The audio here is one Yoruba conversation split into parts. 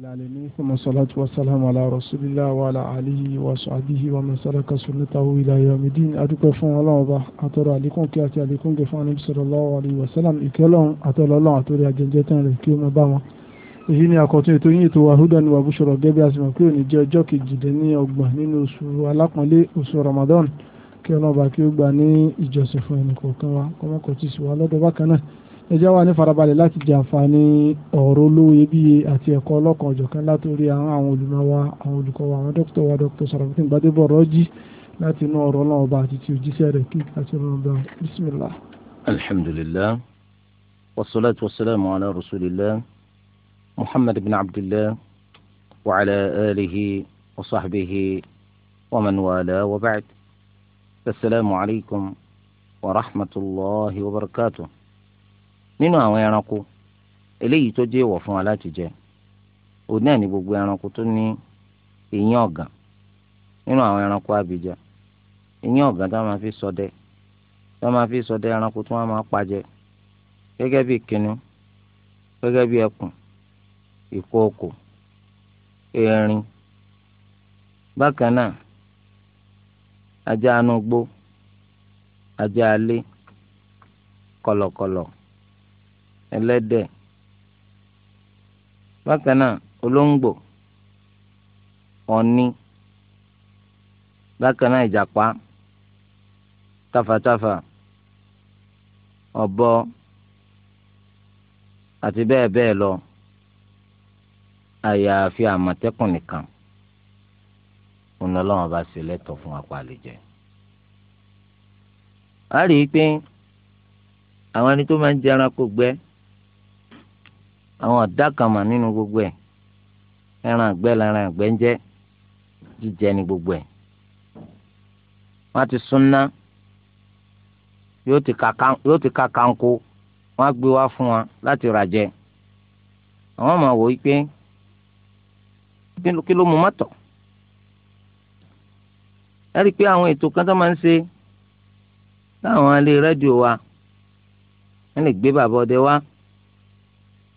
العالمين ثم الصلاة والسلام على رسول الله وعلى آله وصحبه ومن سلك سنته إلى يوم الدين أدوك فون الله وضع أترى لكم كاتي لكم كفان النبي صلى الله عليه وسلم إكلام أترى الله أترى جنجتا لكيوم باما èyí ni àkọ́tún ètò yìí tó wà húdàn wà búṣọ̀rọ̀ gẹ́gẹ́ bí a sì mọ̀ pé òní jẹ́ ọjọ́ kejìdínlọ́gbọ̀n nínú oṣù alápọ̀nlé oṣù Ramadan kí ọlọ́ba kí ó gbà ní ìjọsìn fún ẹnì ẹ jẹ́ wà ní farabalẹ̀ láti jẹ àǹfààní ọ̀rọ̀ wa àwọn olùkọ́ wa àwọn dókítà wa dókítà Sàràfùdín Gbádébọ̀ Rọ́jí láti inú ọ̀rọ̀ Ọlọ́run ọba àti ti òjíṣẹ́ rẹ̀ kí àti ọ̀rọ̀ ọba bísímìlá. alhamdulilah wasalaatu wasalaamu ala rasulilayi muhammad bin abdulayi wa ala alihi wa sahbihi wa man wala wa ba'd asalaamu alaykum wa rahmatulahii wa barakatuh. nínú àwọn ẹranko eléyìí tó jẹ́ èèwọ̀ fún wa láti jẹ òun náà ni gbogbo ẹranko tó ní eyín ọ̀gàn nínú àwọn ẹranko abìjà eyín ọ̀gàn tó máa fi ṣọdẹ tó máa fi ṣọdẹ ẹranko tó máa pa jẹ gẹ́gẹ́ bí kinu gẹ́gẹ́ erin bákan náà ajá anugbó ajá alé ẹlẹ́dẹ̀ bákan náà olóńgbò ọ̀ní bákan náà ìjàpá tafàtafà ọ̀bọ àti bẹ́ẹ̀ bẹ́ẹ̀ lọ àyàfi àmọ̀tẹ́kùn nìkan òun a rí i àwọn ẹni máa ń jẹ́ ẹranko gbẹ́ àwọn ọ̀dà kan mà nínú gbogbo ẹ̀ ẹran àgbẹ̀ lẹ́ran àgbẹ̀ ń jẹ́ jíjẹ ní gbogbo ẹ̀ wọ́n ti súnná yóò ti ka kanko wọ́n á gbé wá fún wa láti ràjẹ àwọn ọmọ wò wípé kí ló mú mọ́tọ̀ ẹ rí i pé àwọn ètò kan tó máa ń ṣe láwọn ilé rédíò wa wọ́n lè gbé bàbá ọdẹ wá.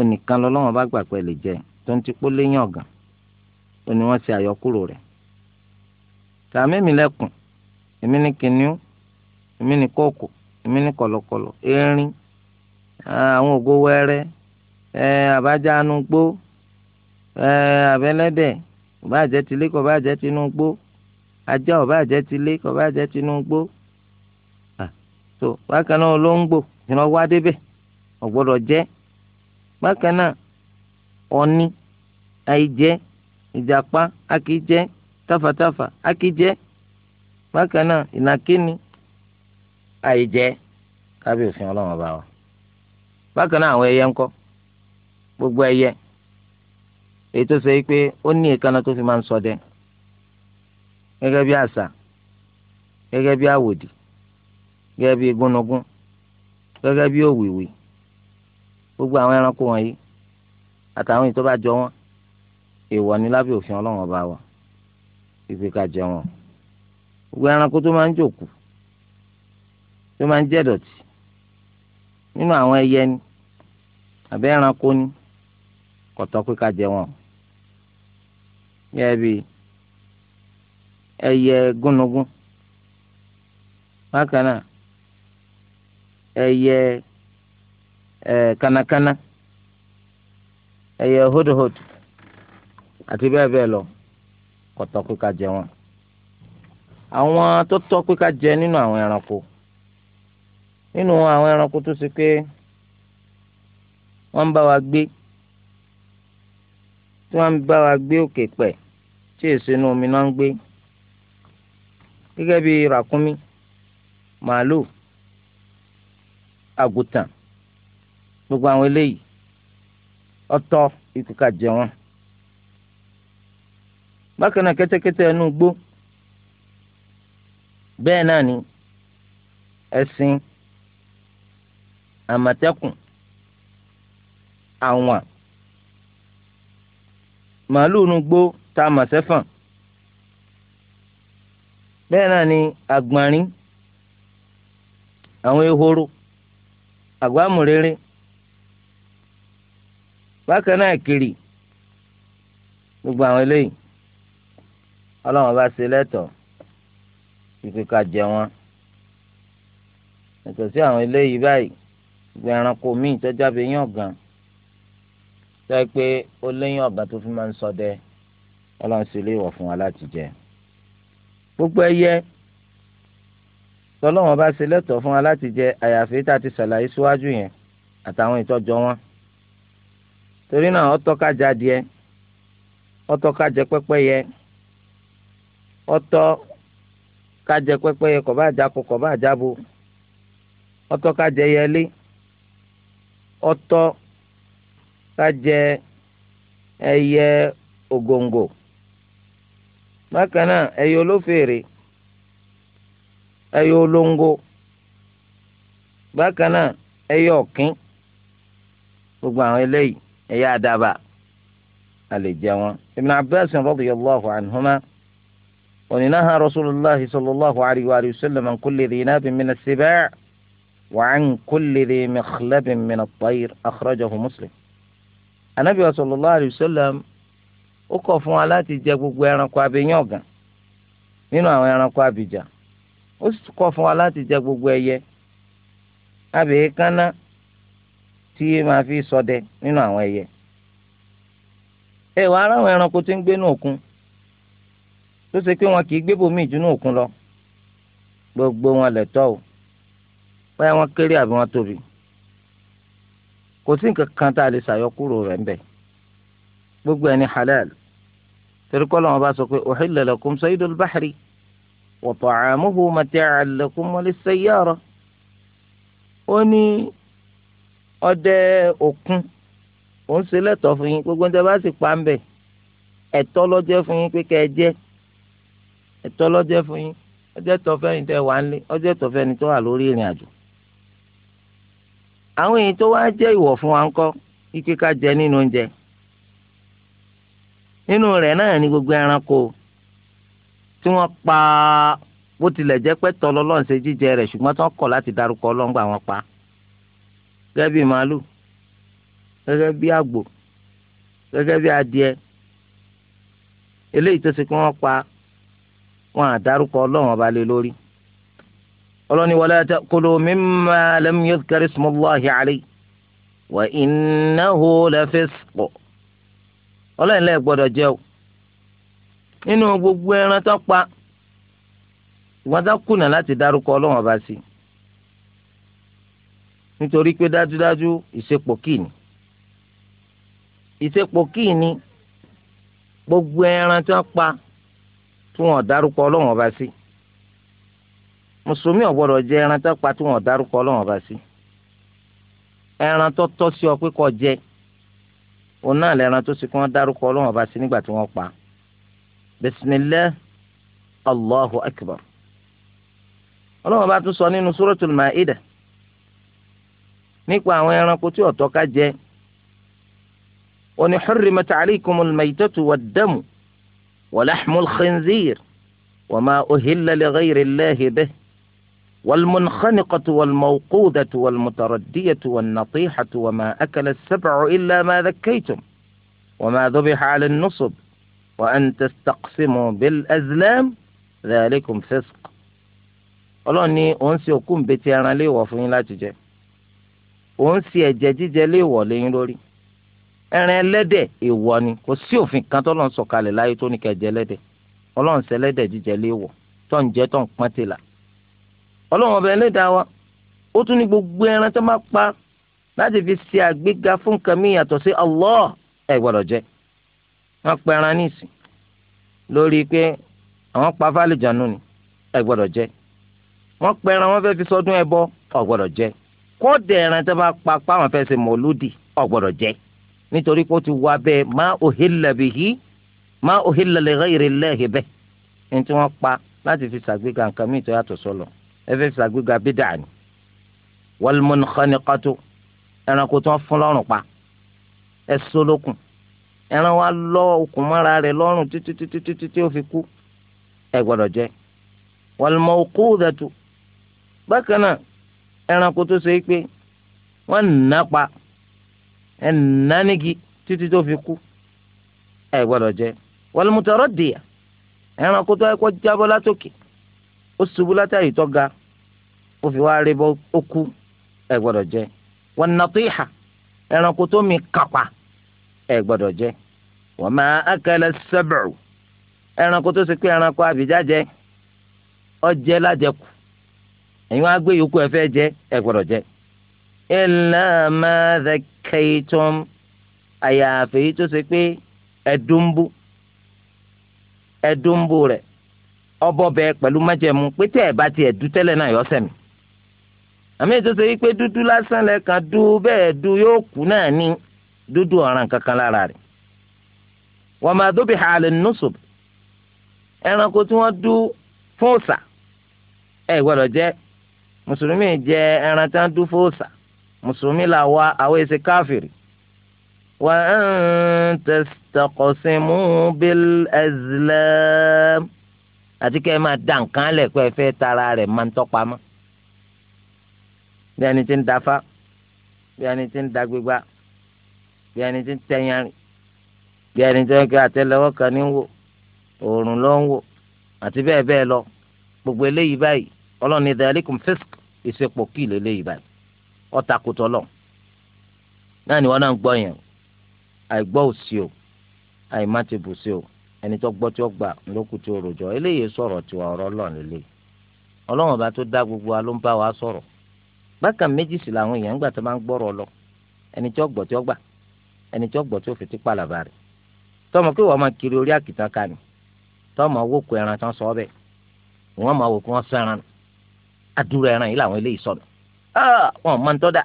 onìkan lọ́lọ́wọ́n bá gbà pé lè jẹ tó ń ti pọ́ léyìn ọ̀gàn ó ní wọ́n ṣe àyọkúrò rẹ̀ tààmì mi lẹ́kùn èmi ní kìnìún èmi ní kóòkò èmi ní kọ̀lọ̀kọ̀lọ̀ erin àwọn ògo wẹ́rẹ́ àbájánu gbó àbẹ́lẹ́dẹ̀ ọba àjẹ́ tilé kọba àjẹ́ tinú gbó ajá ọba àjẹ́ tilé kọba àjẹ́ tinú gbó tó bákan náà olóńgbò ìrànwọ́ adébẹ̀ ọ̀gbọ́dọ̀ jẹ́ bákan náà ọ̀ní àìjẹ́ ìjàpá akíjẹ́ tafàtafà akíjẹ́ bákan náà ìnàkíni àìjẹ́ kábíyè òfin ọlọ́run bá wa bákan náà àwọn ẹyẹ ńkọ́ gbogbo ẹyẹ èyí tó ṣe é pé ó ní èékánná tó fi máa ń ṣọdẹ gẹ́gẹ́ bí àṣà gẹ́gẹ́ bí àwòdì gẹ́gẹ́ bí gúnugún gẹ́gẹ́ bí òwìwì gbogbo àwọn ẹranko wọ̀nyí àtàwọn ìtọ́ jọ wọn èèwọ̀ ni lábẹ́ òfin ọlọ́run ọba wa ìgbé ká jẹ wọn gbogbo ẹranko tó máa ń jòkù tó máa ń jẹ́ dọ̀tí nínú àwọn ẹyẹ ni àbẹ́ ẹranko ni kọ̀tọ́ pé ká jẹ wọn yẹ bi ẹyẹ gúnnugún bákan náà ẹyẹ. E Eh, kanakana, ẹyẹ hódòhódò àti bẹ́ẹ̀ bẹ́ẹ̀ lọ kò tọ́ pé ká jẹ wọn. àwọn tó tọ́ pé ká jẹ nínú àwọn ẹranko nínú àwọn ẹranko tó ṣe pé wọ́n ń bá wa gbé tí wọ́n ń bá wa gbé òkè pẹ̀ tí èso inú omi náà ń gbé gẹ́gẹ́ bí ràkúnmí màálù àgùtàn gbogbo àwọn eléyìí ọ̀tọ̀ ìkùkà jẹ wọn bákan náà kẹ́tẹ́kẹ́tẹ́ ẹnu gbó bẹ́ẹ̀ náà ni ẹṣin àmọ̀tẹ́kùn àwọn màálùú nu gbó tá a mọ̀ ni àwọn ehoro bákan náà kiri gbogbo àwọn eléyìí ọlọ́run bá ṣe lẹ́tọ̀ọ́ ìpè ká jẹ wọn yàtọ̀ sí àwọn eléyìí báyìí gbogbo ẹranko míì tọ́jà bẹ yàn gan sọ pé ó léyìn ọ̀bà tó fi máa ń ṣọdẹ ọlọ́run sì léèwọ̀ fún wa láti jẹ gbogbo ẹyẹ tọ́lọ́run bá ṣe lẹ́tọ̀ọ́ fún wa láti jẹ àyàfi tá a ti ṣàlàyé síwájú yẹn àtàwọn ìtọ́jọ wọn. torí náà ọ̀tọ̀ ká jẹ adìẹ ọtọ ká pẹpẹ pẹ́pẹ́yẹ kọba ká jẹ kọba dza kọba àjàbo ọ̀tọ̀ ọtọ jẹ yẹlé ọ̀tọ̀ ẹyẹ ògòǹgò bákan náà ẹyẹ olófèrè ẹyẹ olóńgò bákan náà ẹyẹ ẹ̀yà àdàbà a lè jẹ wọn. ibn abbas radiyallahu anhuma oninaha rasulillah sallallahu alayhi wa sallam an kulli dhinabin min as-sibaa' wa an kulli dhi mikhlabin min at-tayr akhrajahu muslim. anabi wa sallallahu alayhi wa sallam ó kọ̀ fún wa láti jẹ gbogbo ẹranko abẹyẹn ọ̀gàn nínú àwọn ẹranko abìjà ó sì fún wa láti jẹ gbogbo ẹyẹ abẹyẹ kánná tí máa fi ṣọdẹ nínú àwọn ẹyẹ ẹ wàá ara àwọn ẹranko tó ń gbé ní òkun tó ṣe pé wọn kì í gbé bòmíì jù ní òkun lọ gbogbo wọn lẹ̀tọ́ o báyà wọn kéré àbí wọn tóbi kò sí nǹkan kan tá a lè ṣàyọkúrò rẹ̀ ńbẹ̀ gbogbo ẹni halal torí kọ́ lọ́wọ́ bá sọ pé uhilla lakum saydul bahri wa ta'amuhu mati'an lakum wa lis ó ní. ọdẹ òkun òun ṣe lẹtọ fún yín gbogbo níta bá sì pa ń bẹ̀ ẹ̀tọ́ lọ́jọ́ fún yín pé kẹ́ ẹ jẹ ẹ̀tọ́ fún yín ọjọ́ ẹ̀tọ́ fẹ́ni tẹ́ wà ń lé ọjọ́ ẹ̀tọ́ tó wà àwọn èyí tó wá ìwọ̀ fún wa jẹ nínú oúnjẹ nínú náà ni gbogbo gẹ́gẹ́ bí màálù gẹ́gẹ́ bí àgbò gẹ́gẹ́ bí adìẹ eléyìí tó ṣe kí wọ́n pa wọn àdárúkọ ọlọ́run ọba lé lórí ọlọ́ni wala ta'kulu mimma lam yudhkar ismullahi alayhi wa innahu lafisq ọlọ́run lẹ́ẹ̀ gbọ́dọ̀ jẹ́ o nínú gbogbo ẹran tó pa ìwọ́n tó kùnà láti dárúkọ ọlọ́run ọba sí i nítorí pé dájúdájú ìṣepò kíni ìṣepò kíni gbogbo ẹran tí wọ́n pa tí wọ́n dárúkọ Ọlọ́run ọba sí mùsùlùmí ò gbọ́dọ̀ jẹ ẹran tí wọ́n pa tí wọ́n dárúkọ Ọlọ́run ọba sí ẹran tó tọ́ sí ọ pé kó jẹ òun náà lẹran tó sì kí wọ́n dárúkọ Ọlọ́run ọba sí nígbà tí wọ́n pa bisimilahi allahu akbar Ọlọ́run ọba tún sọ nínú suratul ma'idah. nípa àwọn ẹranko tí ọ̀tọ́ ká jẹ oni ní hurrimat kumul maitatu wa damu wa lahmul khinzir wa ma uhilla li ghayri Allahi bih والمنخنقة والموقودة والمتردية والنطيحة وما أكل السبع إلا ما ذكيتم وما ذبح على النصب وأن تستقسموا بالأزلام ذلكم فسق ọlọ́run ní òun sì òkú ń betí ẹran léèwọ̀ fún yín láti jẹ òun sì ẹ̀jẹ̀ jíjẹ lé ìwọ̀ lẹ́yìn lórí ẹran ẹlẹ́dẹ̀ ìwọ̀ ni kò sí òfin kan tó lọ́n sọ̀kalẹ̀ láyé tó ní kẹjẹ ẹlẹ́dẹ̀ ọlọ́run ṣe ẹlẹ́dẹ̀ jíjẹ lé ìwọ̀ tó ń jẹ́ tó ń pọ́n tìlà ọlọ́run ọbẹ̀ ẹlẹ́dàá wa ó tún ní gbogbo ẹran tó máa pa láti fi ṣe àgbéga fún nǹkan mí yàtọ̀ sí ẹ̀ gbọ́dọ̀ jẹ́ wọ́n pa ẹran níìsín lórí pé àwọn pa fálìjànú ni gbọ́dọ̀ jẹ́ wọ́n kọ́ọ̀dẹ̀ ẹran tó bá pa páwọn fẹ́ ṣe mọ̀lúdì ọ̀gbọ́dọ̀ jẹ́ nítorí pé ó ti wá bẹ́ẹ̀ má uhilla bihi má uhilla li ghayri Allahi bẹ́ẹ̀ ní tí wọ́n pa láti fi ṣàgbéga nǹkan míì tó yàtọ̀ sọ́lọ̀ ẹ fẹ́ fi ṣàgbéga bídà ni. wal munkhaniqatu ẹranko tó ń fún lọ́rùn pa ẹ sólókùn ẹran wa lọ okùn mọ́ra rẹ̀ lọ́rùn títí ẹranko tó ṣe é pé wọ́n nà pa ẹnà nígi títí tó fi kú ẹ gbọdọ jẹ wàlúmùtọrọ dìyà ẹranko tó ẹkọ jábọ́ látòkè ó ṣubú látàrí tó ga ó fi wá rébọ ó kú ẹ gbọdọ jẹ wọn nàtó ìhà ẹranko tó mi kàpà ẹ gbọdọ jẹ wọn máa akẹlẹ sẹbẹrù ẹranko tó ṣe pé ẹranko àbíjá jẹ ọjẹ lájẹkù ẹ̀yin wá gbé yòókù ẹ fẹ́ jẹ ẹ gbọ́dọ̀ jẹ. illa ma zakaytum àyàfẹ́ yìí tó ṣe pé ẹ̀dùnbù ẹ̀dùnbù rẹ̀ ọbọ̀ pẹ̀lú májẹ̀mú pé tẹ́ bá tiẹ̀ dú tẹ́lẹ̀ náà yọ sẹ̀mí. àmì ètò ṣe wípé dúdú lásán lẹ́ẹ̀kan dú bẹ́ẹ̀ dú yóò kú náà ní dúdú ọ̀ràn kankan lára rẹ̀. wọ́n máa dóbi hàlẹ́ nùsùb ẹranko tí wọ́n dú fún mùsùlùmí jẹ ẹran tí wọ́n dún fóòsà mùsùlùmí là wá àwọn èsì káfìrì. wa an tastaqsimu bil azlam àti kẹ́ ẹ máa dá nǹkan lẹ̀ pé ẹ fẹ́ tara rẹ̀ máa ń tọ́pamọ́. bí ẹni tí ń dafá bí ẹni tí ń dagbégbá bí ẹni tí ń tẹ̀yánrin bí ẹni tí wọ́n kí àtẹ́lẹwọ́ kan ní wò oòrùn ló ń wò àti bẹ́ẹ̀ bẹ́ẹ̀ lọ gbogbo eléyìí báyìí ọlọ́ni dàlíkùn fisk ìsepò kí lélẹ́ yìí báyìí ọ̀tà kò tọ́lọ̀ náà ni wọ́n náà ń gbọ́ yẹn àìgbọ́ òsì o àìmá ti bù sí o ẹni tó gbọ́ tí ó gbà lókù tí ó rojọ́ eléyìí sọ̀rọ̀ tiwa ọ̀rọ̀ lọ́ọ̀nì lé ọlọ́wọ́n bá tó dá gbogbo wa ló ń bá wa sọ̀rọ̀ bákan méjì sí làwọn èèyàn gbà tó máa ń gbọ́rọ̀ lọ ẹni tí ó gbọ́ tí ó gbà ẹni tí ó gbọ́ tí ó fi ti pàlàbà rẹ̀ tọmọ pé wọ́n máa kiri orí àkìtàn ká ni tọmọ wò ẹran tán sọ bẹ́ẹ̀ wọ́n máa wò kó wọ́n sẹ́ran ni àdúrà ẹran yìí làwọn eléyìí sọnù wọn máa ń tọ́ da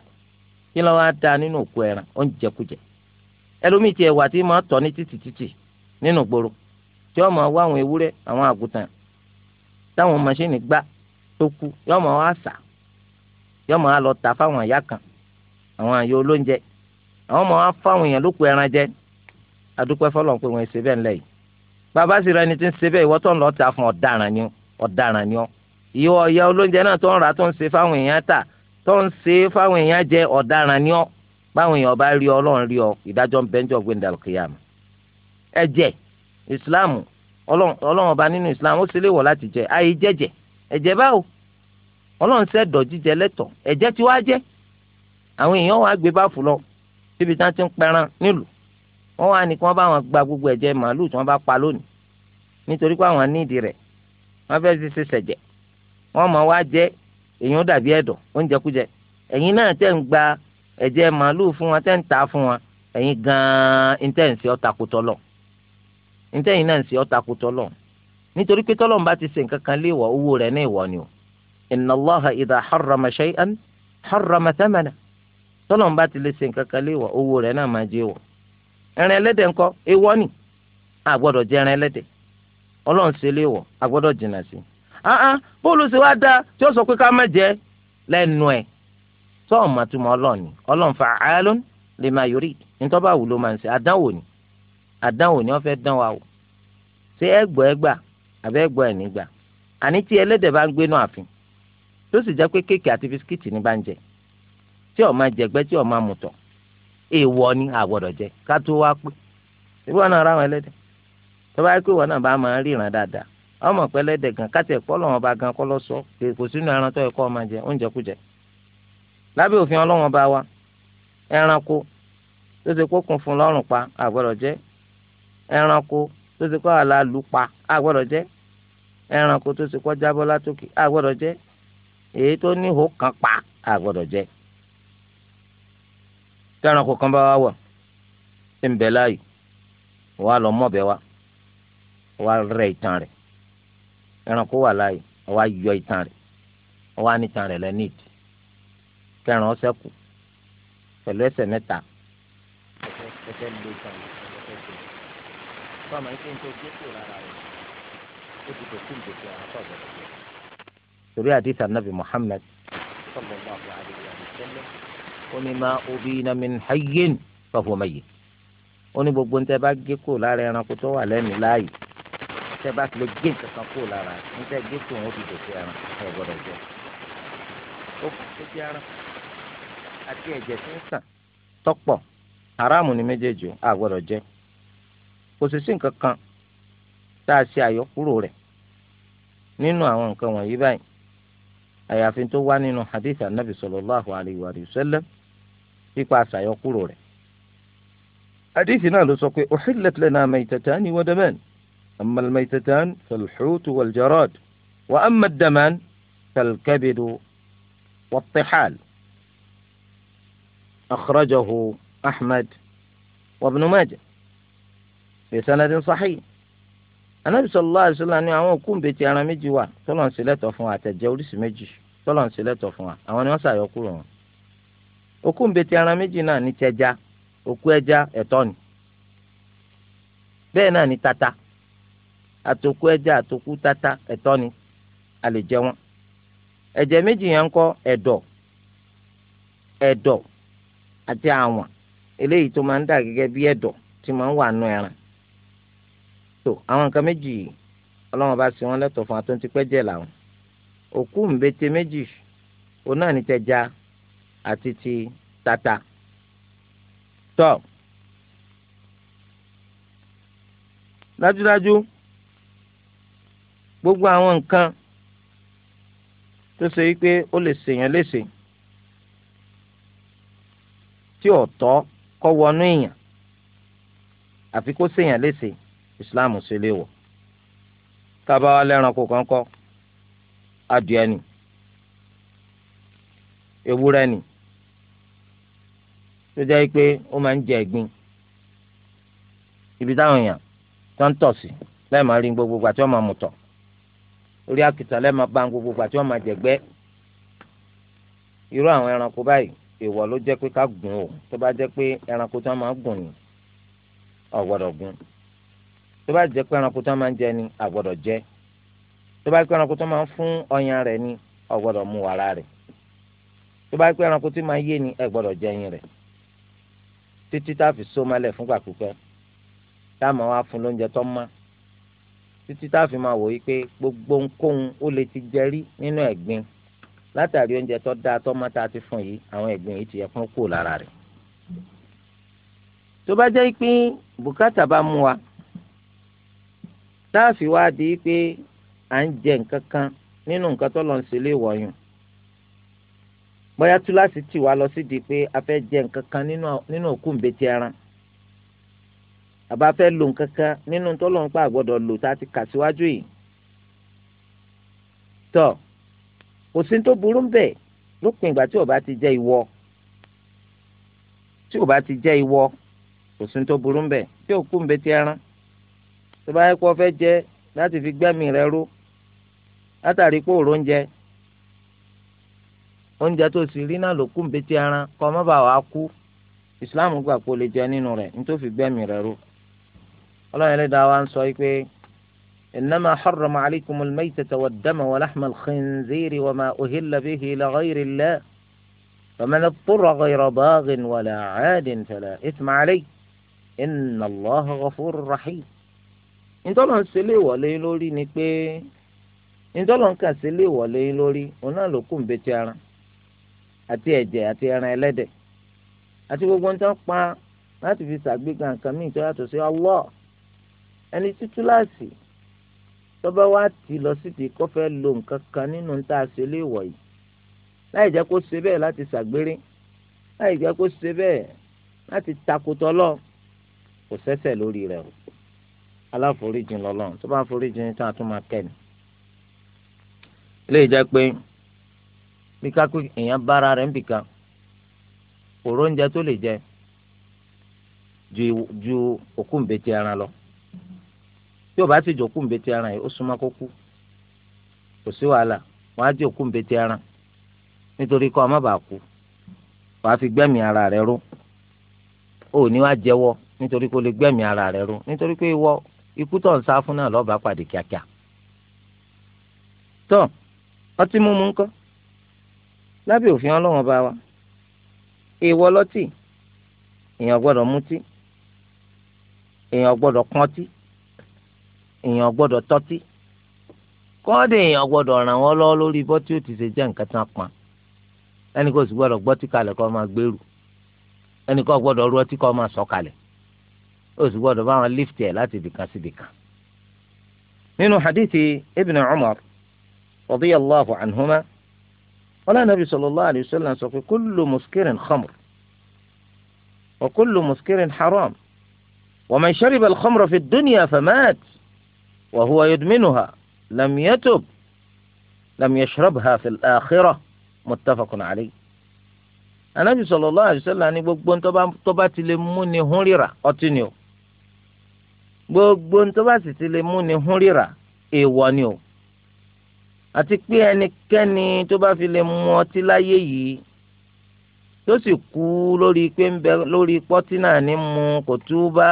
kí ló wáá da nínú òkú ẹran ó ń jẹkújẹ ẹlòmíì tiẹ̀ wà tí máa tọ̀ ní títì títì nínú gbòòrò tí wọ́n máa wá àwọn ewúrẹ́ àwọn àgùntàn táwọn mọ̀ṣíìnì gbá tó kú yọ́n máa wá sà yọ́n máa lọ tà fáwọn àyà kan àwọn àyà olóúnjẹ àwọn máa wá fáwọn èèyàn lókù ẹran jẹ adúpẹ́ fọlọ́n pé wọ́n ṣe bẹ́ẹ̀ ńlẹ̀ yìí bàbá sì rẹ ti ń ṣe bẹ́ẹ̀ ìwọ́tọ̀ ń lọ ta fún ọ̀daràn ni ọ̀daràn ni ọ́ ìwọ ọ̀yà olóúnjẹ náà tó ń rà tó ń ṣe fáwọn èèyàn tà tó ń ṣe fáwọn èèyàn jẹ ọ̀daràn ni ọ́ báwọn èèyàn bá rí ọ ọlọ́run rí ọ ìdájọ́ bẹ́ńjọ́ gbẹ̀ndà kìyàmù. ẹ̀jẹ̀ islam ọlọ́run ọba nínú islam ó sì léwọ̀ láti jẹ ayé jẹ́jẹ̀ ẹ̀jẹ̀ báwo ọlọ́run sẹ́dọ̀ jíjẹ lẹ́tọ̀ ẹ̀jẹ̀ tí wàá jẹ́ àwọn èèyàn wàá gbé báfù lọ síbi tí wọ́n ti ń pẹran nílùú wọ́n wá ní kí wọ́n bá wọn gba gbogbo ẹ̀jẹ̀ màálù tí wọ́n bá pa lónìí nítorí pé àwọn níìdì rẹ̀ wọ́n fẹ́ẹ́ ti ṣe sẹ̀jẹ̀ wọn máa wá jẹ́ èèyàn dàbí ẹ̀dọ̀ oúnjẹkújẹ ẹ̀yin náà tẹ̀ ń gba ẹ̀jẹ̀ màálùú fún wọn tẹ ń ta fún wọn gan-an intẹ́ǹsì ọ̀takùtọ̀ intẹ́yìn náà ń ṣe ọ̀takùtọ̀ nítorí pé tọ́lọ́run bá ti owó rẹ̀ ní ìwọ ni o inna Allaha idha harrama shay'an harrama thamana bá ti lè ṣe nǹkan kan léèwọ̀ owó rẹ̀ náà máa jẹ́ ẹran ẹlẹ́dẹ̀ ewọ́ ni ahàn bóòlù sì wá dá tí ó sọ pé ká má jẹ lẹ́nu ẹ̀ tó ọmọ ni àdánwò ni wọ́n fẹ́ dán wa wò ṣé ẹgbọ́ ẹ gbà àbẹ́ ẹgbọ́ nígbà àní tí ẹlẹ́dẹ̀ bá ń gbénú ààfin tó sì jẹ́ pé kéèkì àti bisikíìtì ní bá ń jẹ tí ọ̀ máa tí ọ̀ máa mutọ̀ ni jẹ ká tó wá pé tó bá yẹ àwọn ọmọ pẹlẹ dẹ gan káti ẹkọ lọ́wọ́n bá gan kọlọ sọ kò sínú ẹran tó ẹkọ máa jẹ oúnjẹ kújẹ lábẹ́ òfin ọlọ́wọ́n bá wa ẹranko tó ti kó kun fún lọ́rùn pa àgbọ́dọ̀ jẹ ẹranko tó ti kó àlà lù pa àgbọ́dọ̀ jẹ ẹranko tó ti kó jábọ́ látòkè àgbọ́dọ̀ jẹ èyí tó ní ihò kan pa àgbọ́dọ̀ jẹ tẹranko kan bá wa wọ ń láàyè wàá lọ mọbẹ wa wàá rẹ ìtàn rẹ̀ ẹranko wà láàyè ọwọ́ ayọ ìtàn rẹ̀ ọwọ́ anìtàn rẹ̀ lẹ́ níìdì kẹrin ọsẹ kù pẹ̀lú ẹsẹ̀ mẹ́ta. ẹsẹ̀ ló ìtàn Muhammad sallallahu alaihi wa sallam ó ní ma ubina min hayyin fahuwa mayyit ó ní gbogbo ń bá gé kúrò lára ẹranko tó wà lẹ́nu láàyè tẹ́ bá tilẹ̀ gé nǹkan kan kúrò lára níta gé tó wọn ó fi dòtí ara ẹ̀ gbọ́dọ̀ jẹ́ ó dòtí ara àti ẹ̀jẹ̀ tí ń sàn tọ́pọ̀ haramu ni méjèèjì a gbọ́dọ̀ jẹ́ kò sì sí nǹkan kan tá a ṣe àyọkúrò rẹ̀ nínú àwọn nǹkan wọ̀nyí báyìí àyàfi tó wá nínú hadith anabi sallallahu alayhi wa sallam nípa àṣàyọkúrò rẹ̀ hadith náà ló sọ pé uhillat lana maytatani wa damani. أما الميتتان فالحوت والجراد وأما الدمان فالكبد والطحال أخرجه أحمد وابن ماجه بسند صحيح أنا صلى الله عليه وسلم أني أقول كون بيتي أنا مجي وان طلعن سلات وفوا تجاولي سمجي طلعن سلات وفوا أنا نوسا يقولون وكون بيتي أنا مجي نا نتجا وكو أجا إتوني بينا نتتا atoku ẹja atoku tata ẹ̀tọ́ ni a lè jẹ wọn ẹ̀jẹ̀ méjì yẹn ń kọ́ ẹ̀dọ̀ àti àwọn eléyìí tó máa ń dà gẹ́gẹ́ bí ẹ̀dọ̀ tí máa ń wà nù ẹran tó àwọn nǹkan méjì bá fún làwọn òkú méjì ti tata tọ́ dájúdájú. gbogbo àwọn nǹkan tó ṣe wípé ó lè ṣèyàn léṣe tí ò tọ́ kọ́ wọnú èèyàn àfi kó ṣèyàn léṣe islam ṣe lè wọ̀ tábà wà lẹ́ranko kọ́ńkọ́ adìẹ ni ewúrẹ́ ni tó jẹ́ pé ó máa ń jẹ ẹ̀gbin ibi táwọn èèyàn tó ń tọ̀ sí lẹ́ẹ̀mọ́ gbogbo àti ọmọ àmùtọ̀ orí àkìtàn lẹ́ẹ̀ máa bá gbogbo gbà tí wọ́n máa jẹ̀gbẹ́ irú àwọn ẹranko báyìí ìwọ ló jẹ́ pé ká gùn o tó bá jẹ́ pé ẹranko tí wọ́n máa gùn ni ọ̀gbọ́dọ̀ gùn tó bá jẹ́ pé ẹranko tí wọ́n máa jẹ ni àgbọ́dọ̀ jẹ tó bá jẹ́ pé ẹranko tí wọ́n máa fún ọyàn rẹ̀ ni ọ̀gbọ́dọ̀ mú wàrà rẹ̀ tó bá jẹ́ pé ẹranko tí máa yé ni ẹ gbọ́dọ̀ jẹ títí tá a fi só malẹ̀ fúngbà pípẹ́ táwọn wá fún lóúnjẹ tó máa títí tá a fi máa wò yí pé gbogbo nkóhun ó lè ti jẹrí nínú ẹ̀gbin látàrí oúnjẹ tó dáa tó mọ́ tá ti fún yìí àwọn ẹ̀gbin yìí ti yẹ fún kù lára rẹ̀. tó bá jẹ́ pé bùkátà bá mú wa tá a fi wá di pé à ń jẹ nǹkan kan nínú nǹkan tó lọ ń ṣẹlẹ̀ wọ̀nyún bóyá túláàsì tì wá lọ sídìí pé a fẹ́ jẹ nǹkan kan nínú òkú ńbẹ́tì ẹran àbá fẹ́ lò nǹkankan nínú tọ́lọ́ ń pa àgbọ́dọ̀ lò tá a ti kà síwájú yìí. tọ́ kò sí tó burú bẹ́ẹ̀ lópin ìgbà tí ó bá ti jẹ́ ìwọ tí ó bá ti jẹ́ ìwọ kò sí tó burú bẹ́ẹ̀ tí òkú ń betí ẹran tó bá yẹ kó fẹ́ jẹ láti fi gbẹ́mí rẹ ró látàrí kó òró ń jẹ oúnjẹ tó sì rí náà ló kú ń betí ẹran kọ́ ọ má bàa wá kú ìsìláàmù gbà pé o lè jẹ nínú rẹ̀ nítorí fi gbẹ́mí rẹ ró ọlọ́run ẹlẹ́dàá wa ń sọ pé innama harrama alaykum al-maytata wad-dama wa lahma al-khinziri wa ma uhilla bihi li ghayri Allah faman iḍṭurra ghayra baghin wala 'adin fala ithma alayhi inna Allaha ghafurur rahim. ìtọ́lọ̀ ń ṣe lé ìwọ̀lé lórí ni pé ìtọ́lọ̀ ń kà sí lé ìwọ̀lé lórí òun náà ló kùn bẹ́tẹ̀ ara àti ẹ̀jẹ̀ àti ẹran ẹlẹ́dẹ̀ àti gbogbo nǹkan pa láti fi ṣàgbéga nǹkan míì tó yàtọ̀ sí Allah ẹni títú láàsì tọ́ba wa tì lọ síbi kó fẹ́ lo nǹkan kan nínú tá a ṣe léèwọ̀ yìí láì jẹ́ kó ṣe bẹ́ẹ̀ láti ṣàgbéré láì jẹ́ kó ṣe bẹ́ẹ̀ láti takùtọ̀ lọ kò sẹ́sẹ̀ lórí rẹ̀ o aláforíjìn lọ́lọ́run tó bá foríjìn tó a tún máa kẹ́ni. ilé ìjẹ́ pé bí kákó èèyàn bára rẹ̀ ń bìkan òró tó lè jẹ ju òkú ń bẹ ti ẹran lọ tí o bá sì jòkó nbẹ̀tẹ̀ ẹran yìí ó súnmọ́ kó kú kò sí wàhálà wọ́n á jòkó nbẹ̀tẹ̀ ẹran nítorí kọ́ ọ má bàa kú wàá fi gbẹ́mìí ara rẹ ró o ní wàá jẹ́wọ́ nítorí kó lè gbẹ́mìí ara rẹ ró nítorí pé ìwọ ikú tó ń sá fún náà lọ́ọ́ bá pàdé kíákíá tó ọtí mímu ńkọ́ lábẹ́ òfin ọlọ́wọ́n bá wa ìwọ lọ́tì èèyàn gbọ́dọ̀ mutí èèyàn gbọ́dọ̀ kọ́ntì èèyàn gbọ́dọ̀ tọ́tí kọ́ńdé èèyàn gbọ́dọ̀ ràn wọ́n lọ́wọ́ lórí bọ́ tí ó ti ṣe jẹ́ nǹkan tán pa ẹnì kò sì gbọ́dọ̀ gbọ́ tí kalẹ̀ kọ́ máa gbèrú ẹnì kò gbọ́dọ̀ rú ọtí kọ́ máa sọ kalẹ̀ ó sì gbọ́dọ̀ bá wọn lift ẹ̀ láti dìkan sí dìkan. nínú hadithi ibn umar radiyallahu anhuma wala nabi sallallahu alayhi wa sallam sọ pé kullu muskirin khamr wa kullu muskirin haram wa man shariba al-khamra fi dunya famat. وهو يدمنها لم يتب لم يشربها في الآخرة متفق عليه alayhi. anabi sallallahu alaihi wasallam ní gbogbo ntọ́ba ti lè mú ni hún rírà ọtí ni o gbogbo ntọ́ba sì ti lè mú ni hún rírà èèwọ̀ ni o àti pé ẹnikẹ́ni tó bá fi lè mu ọtí láyé yìí tó sì kú lórí pé ń bẹ lórí pọ́tí náà ní mu kò túbá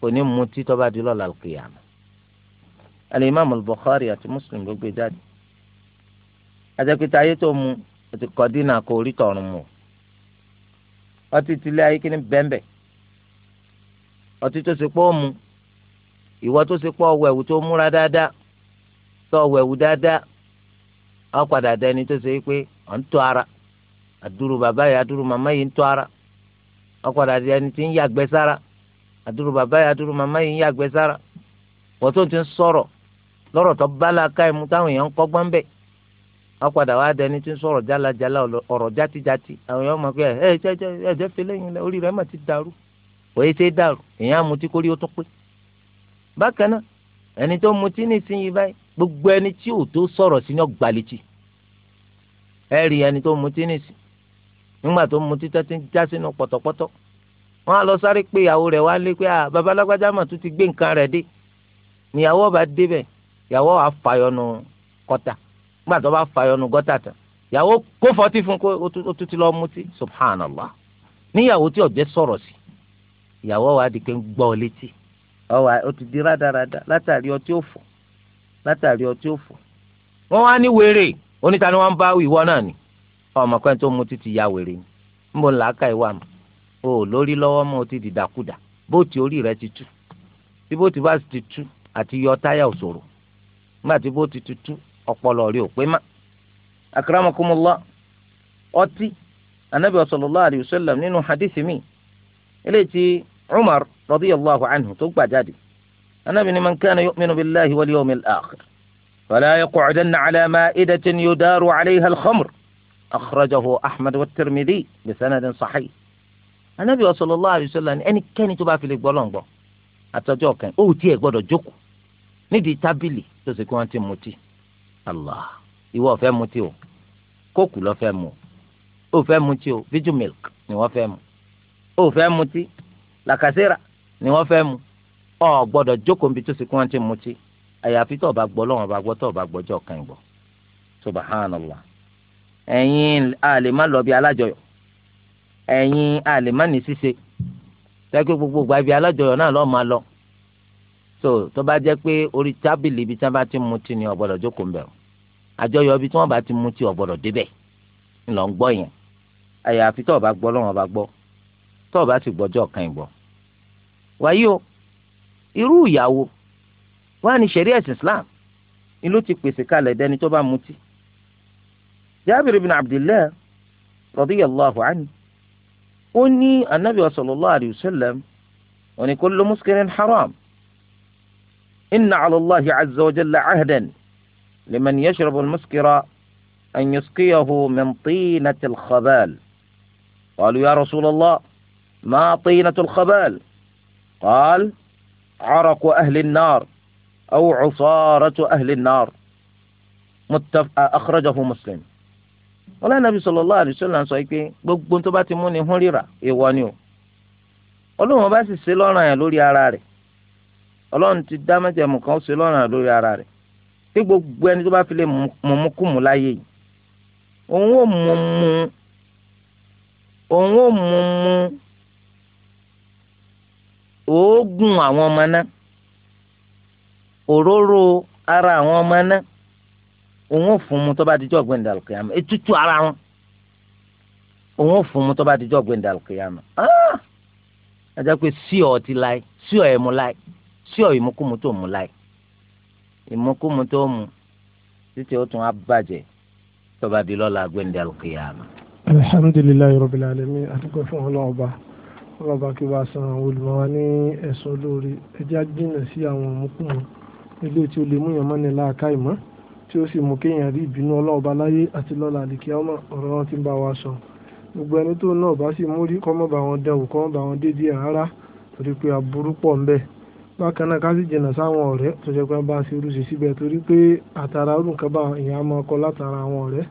kò ní mutí tó bá di lọ́la kìyàmù alimami al-Bukhari Muslim ló gbé jáde àtẹkùtà ayé tó mu àti kọ́dínà kò rí tọ̀run mu ọtí tilé ayé kí ni bẹ́ẹ̀nbẹ́ẹ́ ọtí tó ṣe pọ́ mu ìwọ tó ṣe pọ́ wẹ̀wù tó múra dáadáa tó wẹ̀wù dáadáa ọ padà dẹni tó ṣe pé ọ̀ ń tọ́ ara àdúró bàbá yìí àdúró màmá yìí ń ara ọ padà dẹni ń yàgbẹ́ sára àdúró bàbá yìí àdúró màmá yìí ń yàgbẹ́ sára wọ́n ti ń sọ̀rọ̀ lọ́rọ̀ tó bálaka ẹ̀mú táwọn èèyàn ń kọ́gbọ́n bẹ̀ wọ́n padà wá dẹni tí ń sọ̀rọ̀ jálajàla ọ̀rọ̀ játijáti àwọn èèyàn mọ̀ pé ẹ ẹ jẹ́ ẹ jẹ́ fi lẹ́yìn lẹ orí rẹ̀ mà ti dàrú òye ṣe dàrú èèyàn mutí kórí ó tún pé. bákan náà ẹni tó mutí nísìnyí báyìí gbogbo ẹni tí ò tó sọ̀rọ̀ sí ní ọgbàlejì ẹ rí ẹni tó mutí nísìnyí nígbà tó mutí tó ti ń já sínú pọ̀tọ̀pọ̀tọ̀ wọ́n á lọ sáré pé ìyàwó rẹ̀ wá lé pé ìyàwó àfàyọnu kọta nígbà tó bá fàyọnu gọ́tà tán ìyàwó kó fọtí fún kó o tún ti lọ mutí subhanallah níyàwó tí ọ̀jẹ̀ sọ̀rọ̀ sí ìyàwó wa di pé ń gbọ́ létí ọwọ́ o ti di rádaràda látàrí ọtí òfò látàrí ọtí òfò wọ́n wá ní wèrè oníta ni wọ́n bá ìwọ náà ni ọmọ kan tó mutí ti ya wèrè ni níbo ńlá ká ìwà mi o lórí lọ́wọ́ mọ́ o di dìdàkudà bóòtì orí rẹ ti tú bí bóòtì bá ti tú àti yọ táyà òṣòro nígbà tí bó ti tutù ọpọlọ rẹ ò pé má. akramakumullah ọtí anabi sallallahu alayhi wa sallam nínú hadith mi eléyìí tí umar radiyallahu anhu tó gbà jáde anabi ni man kana yu'minu billahi wal yawmil akhir fala yaq'udanna ala ma'idatin yudaru alayha al-khamr akhrajahu ahmed wa tirmidhi bisanadin sahih anabi sallallahu alayhi wa sallam ẹnikẹ́ni tó bá fi lè gbọ́ kan ó tiẹ̀ gbọ́dọ̀ jókòó nídìí tábìlì tó ṣe kí wọ́n ti mutí allah ìwọ ò fẹ́ mutí o kóòkù lọ fẹ́ mu o ò fẹ́ mutí o viju milk ni wọ́n fẹ́ mu o ò fẹ́ mutí làkàṣẹ́rà ni wọ́n fẹ́ mu ọ gbọ́dọ̀ jókòó níbi tó ṣe kí wọ́n ti mutí àyàfi tó o bá gbọ́ lọ́wọ́n bá gbọ́ tó o bá gbọ́ jọ́ kan gbọ́ subhanallah ẹ̀yin àlè má lọ bí alájọyọ̀ ẹ̀yin àlè má ní ṣíṣe tẹ́gbẹ́ gbogbo gbà bí alájọyọ̀ náà lọ́ọ́ máa lọ so tó bá jẹ́ pé orí tábìlì ibi tí wọ́n bá ti mutí ni ọ̀gbọ́dọ̀ jókòó ń bẹ̀ àjọyọ̀ ibi tí wọ́n bá ti mutí ọ̀gbọ́dọ̀ débẹ̀ ńlọ ń gbọ́ yẹn àyàfi tó o bá gbọ́ lọ́wọ́ bá gbọ́ tó o bá sì gbọ́jọ́ kan ìgbọ́. wàyí o irú ìyàwó wà ní ṣẹ̀rí ẹ̀sìn Islam ni ló ti pèsè kalẹ̀ dẹni tó bá mutí. Jábìrì bin Abdillah radiyallahu anhu ó ní anabi sallallahu alayhi wa sallam ó ní kullu muskirin haram. إن على الله عز وجل عهدا لمن يشرب المسكر أن يسقيه من طينة الخبال قالوا يا رسول الله ما طينة الخبال قال عرق أهل النار أو عصارة أهل النار متفق أخرجه مسلم ولا النبي صلى الله عليه وسلم سيكي بنتباتي موني هوليرا يوانيو ولو ما ni hún يا èèwọ̀ ni ọlọ́run ti dá májẹ̀mú kan ó ṣe lọ́rùn lórí ara rẹ̀ tí gbogbo ẹni tó bá fi lè mọ̀mú kù mú láyé yìí òun ò mú mú òun ò mú mú òógùn àwọn ọmọ náà òróró ara àwọn ọmọ náà òun ò fún mu tó bá dijọ́ gbẹ̀ndà lùkìyàmù ètùtù ara wọn òun ò fún mu tó bá dijọ́ gbẹ̀ndà lùkìyàmù ajá ah! pé sí ọ ti láì sí ọ ẹ̀ mú láì sí ọ ìmúkúmu tó mú láì ìmúkúmu tó mú títí ó tún á bàjẹ́ tó bá di lọ́la gbẹ̀ndẹ̀ kìyàmà. alhamdulilayi rabbil alamin àdúgbò fún ọlọ́ọ̀ba ọlọ́ọ̀ba kí wàá san àwọn olùmọ̀wá ní ẹ̀sọ́ lórí ẹja jìnnà sí àwọn ìmúkúmu ilé tí ó lè mú yàn mọ́ni láàká ìmọ̀ tí ó sì mú kéèyàn rí ìbínú ọlọ́ọ̀ba láyé àti lọ́la àlìkíyàmà ọ̀rọ̀ wọn ti ń bá wa sọ gbogbo ẹni tó náà bá sì mú rí kọ́mọ́ bá wọn dẹ̀wò kọ́mọ́ bá wọn dédé àárá torí pé aburú pọ̀ ń bákan náà ká sì jìnnà sáwọn ọ̀rẹ́ tó jẹ́ pé bá ń ṣerú sí síbẹ̀ torí pé àtàrà ọdún kan bá èèyàn máa kọ látara àwọn ọ̀rẹ́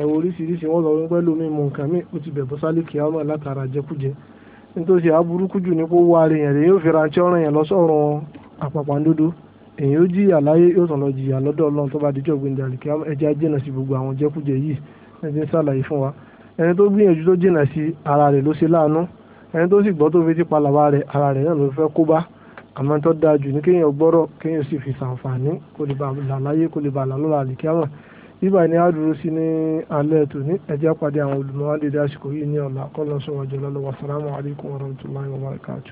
ẹ̀wọ̀ oríṣiríṣi wọ́n sọ wípé lómi mu nǹkan mi ó ti bẹ̀bọ̀ sálẹ̀ kí àwọn látara jẹkújẹ nítorí aburúkú jù ní kó wá yóò fi ránṣẹ́ ọ̀ràn yẹn lọ́sọ̀rọ̀ èyàn ó lọ jìyà tó ẹja àmọ́ tó dáa jù ní kéèyàn gbọ́rọ̀ kéèyàn sì fi sàǹfààní kó lè bàa làlàyé kó lè bàa làlọ́lá àlìkíyàmọ̀ bíbá ni a dúró sí ní alẹ́ tòní ẹ̀jẹ̀ pàdé àwọn olùmọ̀wá dédé àsìkò yìí ní ọ̀la kọ́ lọ́sọ̀rọ̀ jọlọ́lọ́wọ́ sàlámù alaykum wa rahmatulahi wa barakatuh.